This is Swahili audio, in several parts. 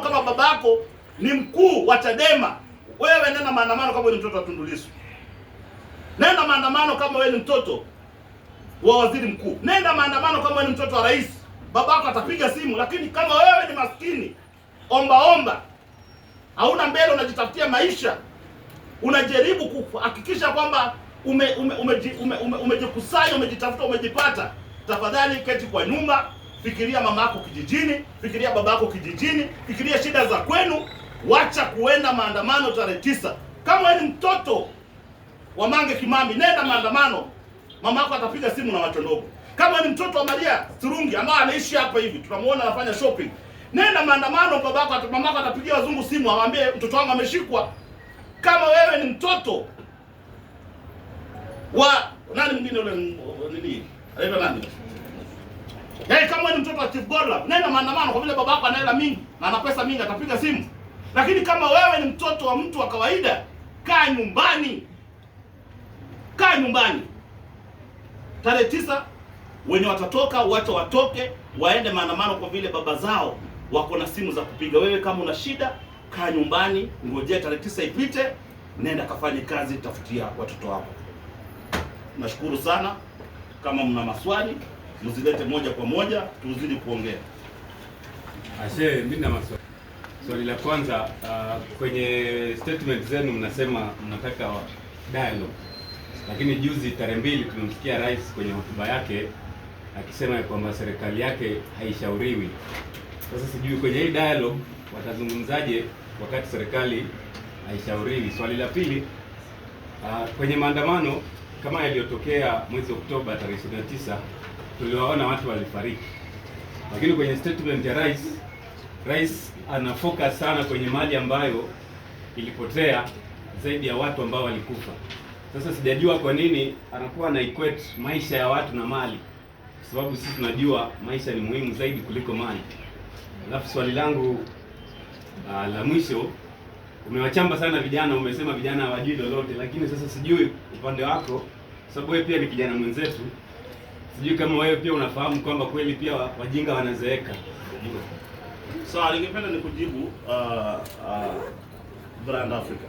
Kama babako ni mkuu wa Chadema, wewe nenda maandamano kama wewe ni mtoto wa Tundu Lissu. Nenda maandamano kama wewe ni mtoto wa waziri mkuu. Nenda maandamano kama wewe ni mtoto wa rais. Babako atapiga simu, lakini kama wewe ni maskini, omba omba, hauna mbele, unajitafutia maisha, unajaribu kuhakikisha kwamba umejikusanya, ume, ume, ume, ume, ume umejitafuta, umejipata, tafadhali keti kwa nyumba fikiria mama yako kijijini, fikiria baba yako kijijini, fikiria shida za kwenu. Wacha kuenda maandamano tarehe tisa. Kama wewe ni mtoto wa Mange Kimambi, nenda maandamano, mama yako atapiga simu na watu ndogo. Kama ni mtoto wa Maria Turungi ambaye anaishi hapa hivi, tunamuona anafanya shopping, nenda maandamano, baba yako, babako mamako atapigia wazungu simu, awaambie mtoto wangu ameshikwa. Kama wewe ni mtoto wa nani mwingine, ule nini anaitwa nani Yaani kama wewe ni mtoto wa Chief Godlove, nenda maandamano kwa vile baba yako ana hela mingi na ana pesa mingi atapiga simu. Lakini kama wewe ni mtoto wa mtu wa kawaida, kaa nyumbani. Kaa nyumbani. Tarehe tisa wenye watatoka wacha watoke waende maandamano kwa vile baba zao wako na simu za kupiga. Wewe kama una shida, kaa nyumbani, ngojea tarehe tisa ipite, nenda kafanye kazi, tafutia watoto wako. Nashukuru sana. Kama mna maswali mzilete moja kwa moja, tuzidi kuongea. Ashe, mimi na maswali. Swali la kwanza, uh, kwenye statement zenu mnasema mnataka dialogue, lakini juzi tarehe mbili tumemsikia rais kwenye hotuba yake akisema kwamba serikali yake haishauriwi. Sasa sijui kwenye hii dialogue watazungumzaje wakati serikali haishauriwi. Swali la pili, uh, kwenye maandamano kama yaliyotokea mwezi Oktoba tarehe 29 tuliwaona watu walifariki, lakini kwenye statement ya rais, rais ana focus sana kwenye mali ambayo ilipotea zaidi ya watu ambao walikufa. Sasa sijajua kwa nini anakuwa na equate maisha ya watu na mali, kwa sababu sisi tunajua maisha ni muhimu zaidi kuliko mali. Alafu swali langu uh, la mwisho, umewachamba sana vijana, umesema vijana hawajui lolote, lakini sasa sijui upande wako, sababu wewe pia ni kijana mwenzetu. Sijui kama wewe pia unafahamu kwamba kweli pia wajinga wanazeeka. Sawa, so, ningependa nikujibu uh, uh, Brand Africa.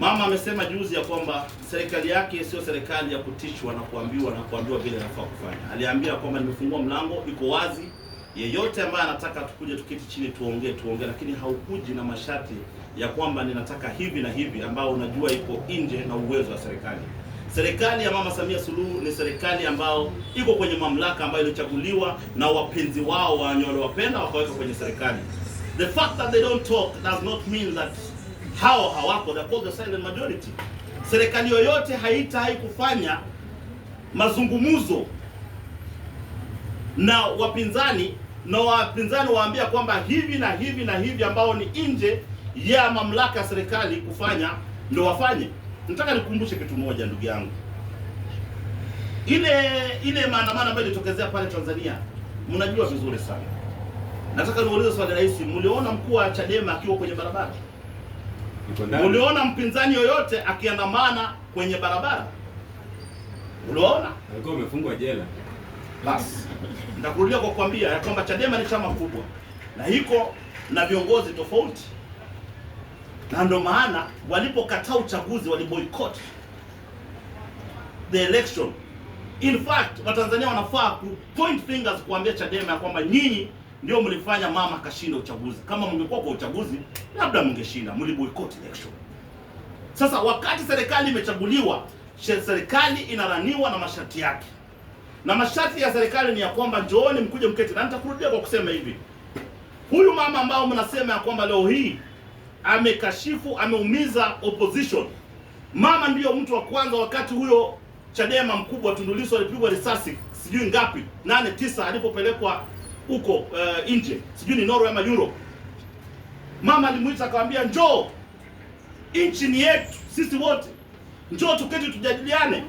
Mama amesema juzi ya kwamba serikali yake sio serikali ya kutishwa na kuambiwa na kuambiwa vile anafaa kufanya. Aliambia kwamba nimefungua mlango, iko wazi, yeyote ambaye anataka tukuje tuketi chini tuongee tuongee, lakini haukuji na masharti ya kwamba ninataka hivi na hivi, ambao unajua iko nje na uwezo wa serikali. Serikali ya Mama Samia Suluhu ni serikali ambayo iko kwenye mamlaka ambayo ilichaguliwa na wapenzi wao wenye wapenda wakaweka kwenye serikali. The fact that they don't talk does not mean that hao hawako, they call the silent majority. Serikali yoyote haitai kufanya mazungumzo na wapinzani na wapinzani waambia kwamba hivi na hivi na hivi ambao ni nje ya mamlaka ya serikali kufanya ndio wafanye. Nataka nikukumbushe kitu moja ndugu yangu, ile ile maandamano ambayo ilitokezea pale Tanzania mnajua vizuri sana. Nataka niulize swali rahisi, mliona mkuu wa Chadema akiwa kwenye barabara? Uliona mpinzani yoyote akiandamana kwenye barabara? Uliona? Alikuwa amefungwa jela. Basi nitakurudia kwa kukwambia ya kwamba Chadema ni chama kubwa na iko na viongozi tofauti na ndio maana walipokataa uchaguzi waliboycott the election. In fact Watanzania wanafaa ku point fingers kuambia Chadema ya kwamba nyinyi ndio mlifanya mama akashinda uchaguzi. Kama mngekuwa kwa uchaguzi, labda mngeshinda, mliboycott election. Sasa wakati serikali imechaguliwa, serikali inaraniwa na masharti yake, na masharti ya serikali ni ya kwamba njooni, mkuje mketi. Na nitakurudia kwa kusema hivi, huyu mama ambao mnasema ya kwamba leo hii amekashifu, ameumiza opposition. Mama ndiyo mtu wa kwanza, wakati huyo Chadema mkubwa Tundu Lissu alipigwa risasi sijui ngapi, nane tisa, alipopelekwa huko uh, nje sijui ni Norway ama Europe. Mama alimuita akamwambia, njoo, nchi ni yetu sisi wote, njoo tuketi tujadiliane.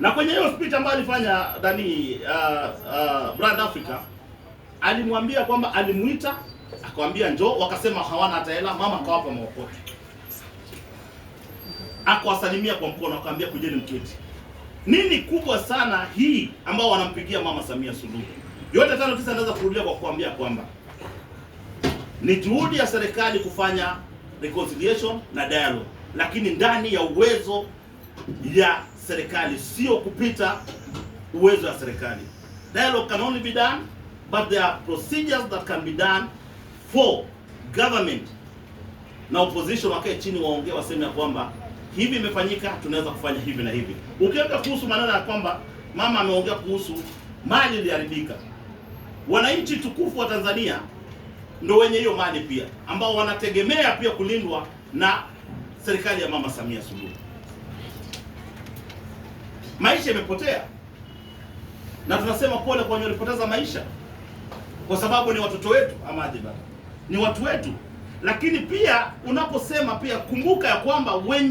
Na kwenye hiyo speech ambayo alifanya nani, uh, uh, Brand Africa, alimwambia kwamba alimuita Akawambia njoo, wakasema hawana hata hela. Mama akawapa maokoto, akawasalimia kwa mkono, akawambia kujeni mketi. Nini kubwa sana hii ambao wanampigia mama Samia Suluhu? Yote tano tisa naweza kurudia kwa kuambia kwamba ni juhudi ya serikali kufanya reconciliation na dialogue, lakini ndani ya uwezo ya serikali, sio kupita uwezo wa serikali. Dialogue can only be done but there are procedures that can be done for government na opposition wakae chini waongee, waseme ya kwamba hivi imefanyika, tunaweza kufanya hivi na hivi. Ukienda kuhusu maneno ya kwamba mama ameongea kuhusu mali iliharibika, wananchi tukufu wa Tanzania ndio wenye hiyo mali pia, ambao wanategemea pia kulindwa na serikali ya mama Samia Suluhu. Maisha imepotea na tunasema pole kwa wenye walipoteza maisha, kwa sababu ni watoto wetu ama baba ni watu wetu, lakini pia unaposema pia kumbuka ya kwamba wenye